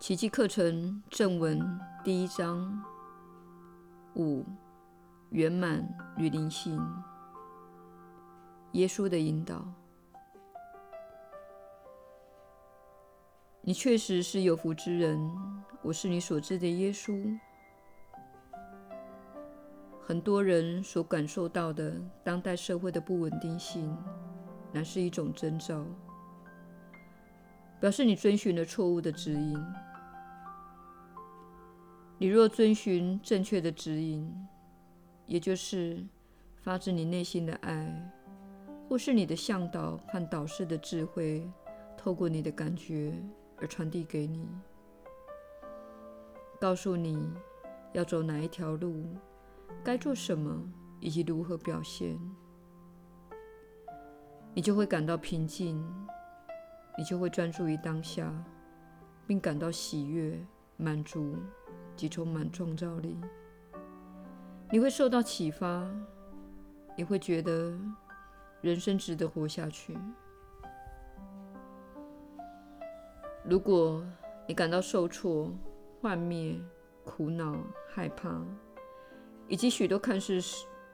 奇蹟課程正文第一章五圓滿與靈性。耶穌的引導。你確實是有福之人，我是你所知的耶穌。很多人所感受到的當代社會的不穩定性，乃是一種徵兆，表示你遵循了錯誤的指引。你若遵循正確的指引，也就是發自你內心的愛，或是你的嚮導和導師的智慧，透過你的感覺而傳遞給你，告訴你要走哪一條路，該做什麼，以及如何表現，你就會感到平靜，你就會專注於當下，並感到喜悅、滿足，及充滿創造力，你會受到啟發，你會覺得人生值得活下去。如果你感到受挫、幻滅、苦惱、害怕，以及許多看似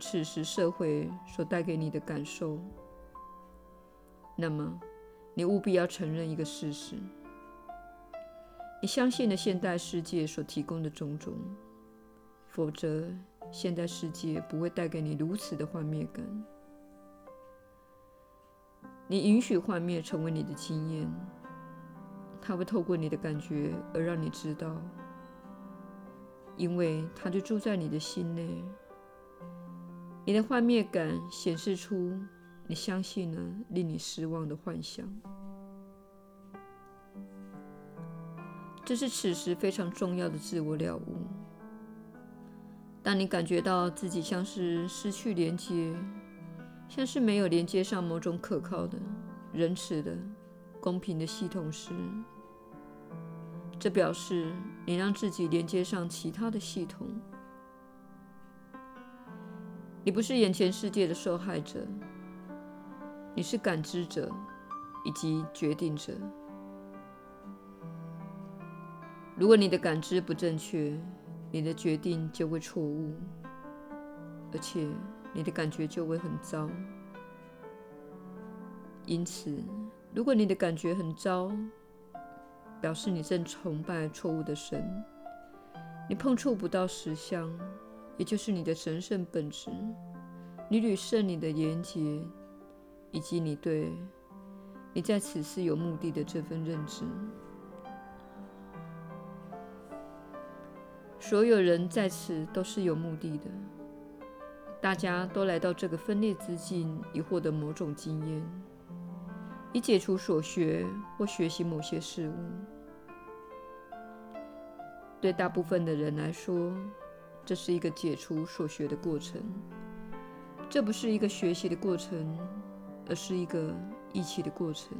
此時社會所帶給你的感受，那麼你務必要承認一個事實。你相信了現代世界所提供的種種，否則現代世界不會帶給你如此的幻滅感。你允許幻滅成為你的經驗，它會透過你的感覺而讓你知道，因為它就住在你的心內。你的幻滅感顯示出你相信了令你失望的幻想幻相。這是此時非常重要的自我了悟。當你感覺到自己像是失去連接，像是沒有連接上某種可靠的、仁慈的、公平的系統時，這表示你讓自己連接上其他的系統。你不是眼前世界的受害者，你是感知者以及決定者。如果你的感知不正確，你的決定就會錯誤，而且你的感覺就會很糟。因此，如果你的感覺很糟，表示你正崇拜錯誤的神，你碰觸不到實相，也就是你的神聖本質、你與聖靈的連結以及你對，你在此是有目的的這份認知。所有人在此都是有目的的，大家都來到這個分裂之境以獲得某種經驗，以解除所學或學習某些事物。對大部分的人來說，這是一個解除所學的過程，這不是一個學習的過程，而是一個憶起的過程。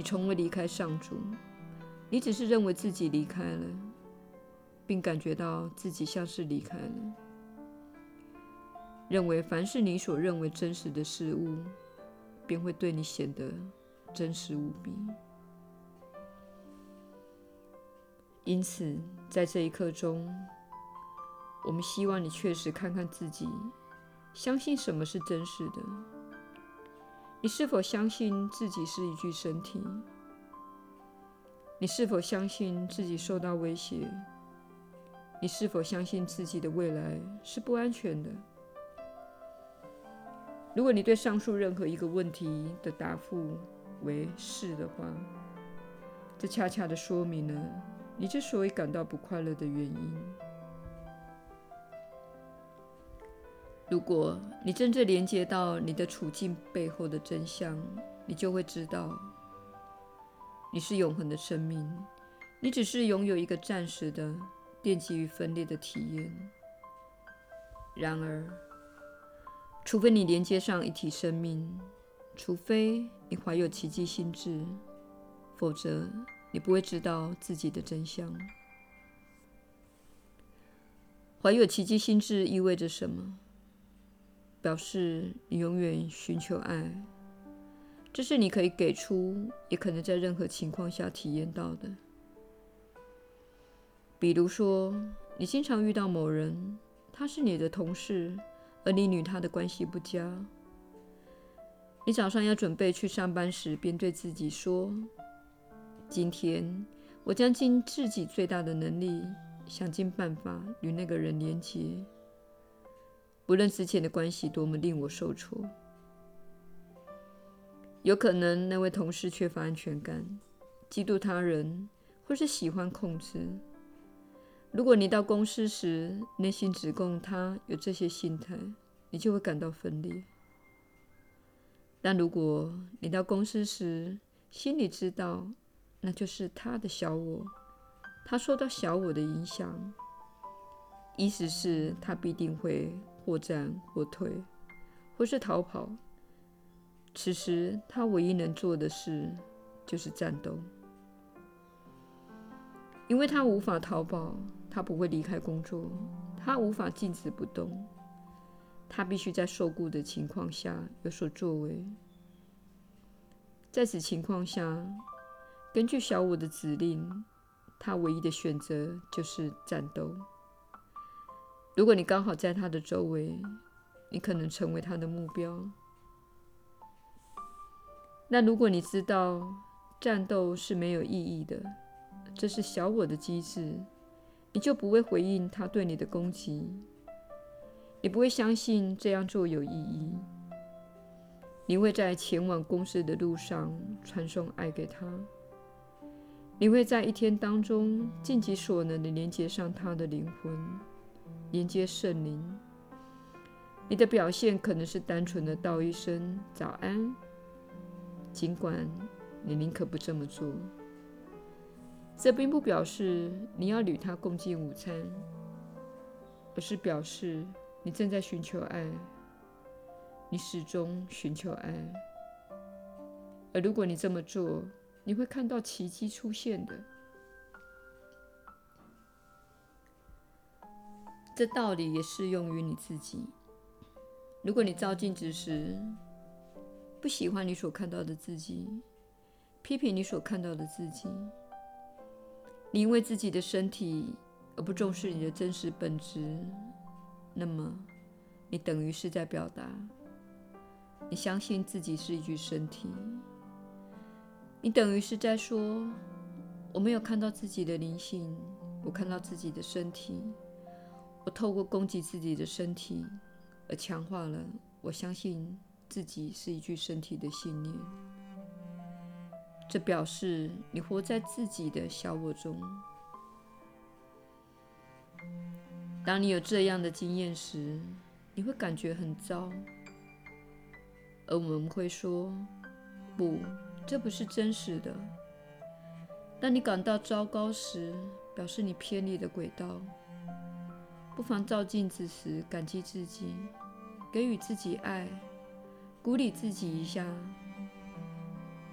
你從未離開上主，你只是認為自己離開了，並感覺到自己像是離開了。因為凡是你所認為真實的事物，便會對你顯得真實無比。因此，在這一課中，我們希望你確實看看自己，相信什麼是真實的。你是否相信自己是一具身體？你是否相信自己受到威脅？你是否相信自己的未來是不安全的？如果你對上述任何一個問題的答復為是的話，這恰恰地說明了你之所以感到不快樂的原因。如果你真正連接到你的處境背後的真相，你就會知道，你是永恆的生命，你只是擁有一個暫時的、奠基於分裂的體驗。然而，除非你連接上一體生命，除非你懷有奇蹟心志，否則你不會知道自己的真相。懷有奇蹟心志意味着什麼？表示你永遠尋求愛，這是你可以給出，也可能在任何情況下體驗到的。比如說，你經常遇到某人，他是你的同事，而你與他的關係不佳。你早上要準備去上班時，便對自己說：“今天我將盡自己最大的能力，想盡辦法與那個人連結。”不論之前的關係多麼令我受挫，有可能那位同事缺乏安全感、嫉妒他人，或是喜歡控制。如果你到公司時內心指控他有這些心態，你就會感到分裂。但如果你到公司時心裡知道，那就是他的小我，他受到小我的影響，意思是，他必定會，或戰或退，或是逃跑。此時他唯一能做的事就是戰鬥，因為他無法逃跑，他不會離開工作，他無法靜止不動，他必須在受雇的情況下有所作為。在此情況下，根據小我的指令，他唯一的選擇就是戰鬥。如果你剛好在他的周圍，你可能成為他的目標。那如果你知道戰鬥是沒有意義的，這是小我的機制，你就不會回應他對你的攻擊，你不會相信這樣做有意義。你會在前往公司的路上傳送愛給他，你會在一天當中盡己所能地連接上他的靈魂。連結聖靈，你的表現可能是單純的道一聲早安，儘管你寧可不這麼做。這並不表示你要與他共進午餐，而是表示你正在尋求愛，你始終尋求愛。而如果你這麼做，你會看到奇蹟出現的。這道理也適用於你自己。如果你照鏡子時不喜歡你所看到的自己，批評你所看到的自己，你因為自己的身體而不重視你的真實本質，那麼你等於是在表達：你相信自己是一具身體。你等於是在說：“我沒有看到自己的靈性，我看到自己的身體。”我透過攻擊自己的身體，而強化了我相信自己是一具身體的信念。這表示你活在自己的小我中。當你有這樣的經驗時，你會感覺很糟。而我們會說：“不，這不是真實的。”當你感到糟糕時，表示你偏離了軌道。不妨照鏡子時，感激自己，給予自己愛，鼓勵自己一下。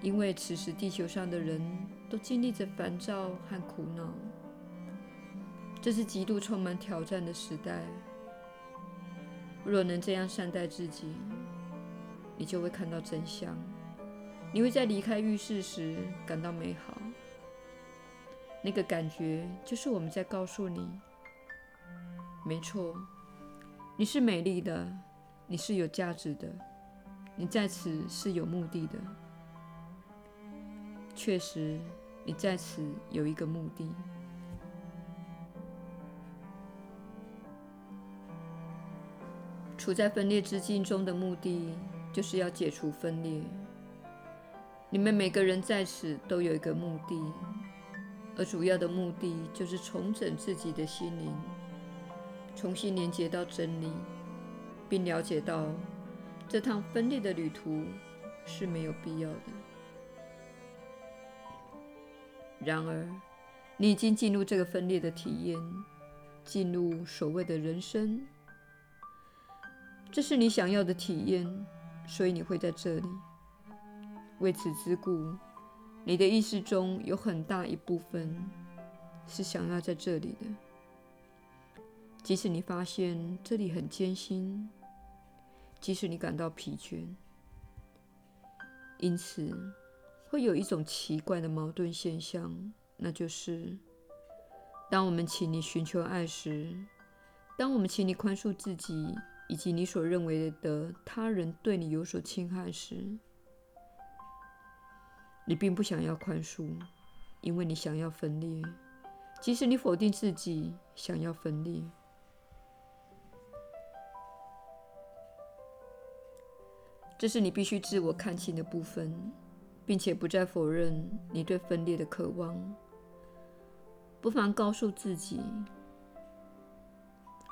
因為此時地球上的人都經歷着煩躁和苦惱，這是極度充滿挑戰的時代。若能這樣善待自己，你就會看到真相。你會在離開浴室時感到美好，那個感覺就是我們在告訴你。沒錯，你是美麗的，你是有價值的，你在此是有目的的。確實，你在此有一個目的。處在分裂之境中的目的，就是要解除分裂。你們每個人在此都有一個目的，而主要的目的就是重整自己的心靈。重新連接到真理，並了解到這趟分裂的旅途是沒有必要的。然而，你已經進入這個分裂的體驗，進入所謂的人生。這是你想要的體驗，所以你會在這裡。為此之故，你的意識中有很大一部分是想要在這裡的。即使你發現這裡很艱辛，即使你感到疲倦，因此會有一種奇怪的矛盾現象，那就是：當我們請你尋求愛時，當我們請你寬恕自己以及你所認為的他人對你有所侵害時，你並不想要寬恕，因為你想要分裂。即使你否定自己想要分裂。這是你必須自我看清的部分，並且不再否認你對分裂的渴望。不妨告訴自己：“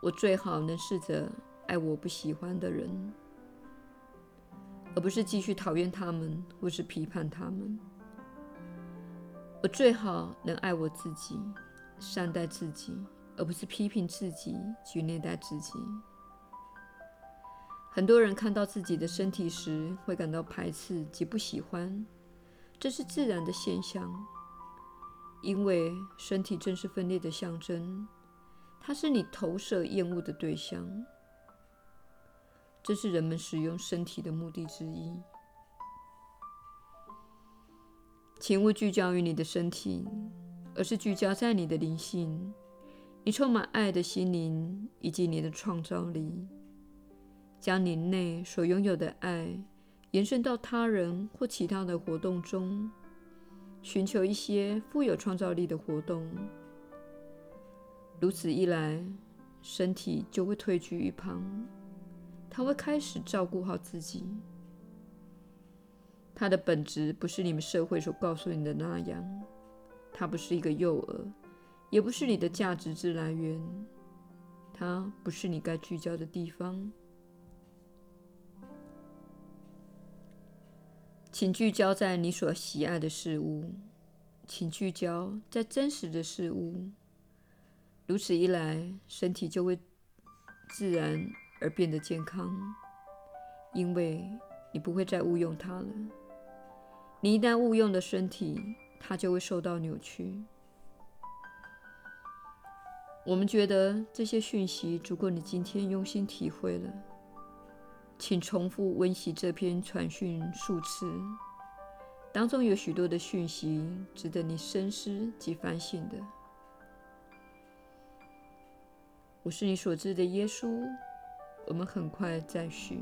我最好能試着愛我不喜歡的人，而不是繼續討厭他們或是批判他們。我最好能愛我自己，善待自己，而不是批評自己去虐待自己。”很多人看到自己的身體時，會感到排斥及不喜歡，這是自然的現象。因為身體正是分裂的象徵，它是你投射厭惡的對象。這是人們使用身體的目的之一。請勿聚焦於你的身體，而是聚焦在你的靈性、你充滿愛的心靈，以及你的創造力。將你內所擁有的愛延伸到他人或其他的活動中，尋求一些富有創造力的活動。如此一來，身體就會退居一旁，它會開始照顧好自己。它的本質不是你們社會所告訴你的那樣，它不是一個誘餌，也不是你的價值之來源，它不是你該聚焦的地方。請聚焦在你所喜愛的事物，請聚焦在真實的事物。如此一來，身體就會自然而變得健康，因為你不會再誤用它了。你一旦誤用了身體，它就會受到扭曲。我們覺得這些訊息足夠你今天用心體會了。請重複溫習這篇傳訊數次，當中有許多的訊息值得你深思及反省的。我是你所知的耶穌，我們很快再續。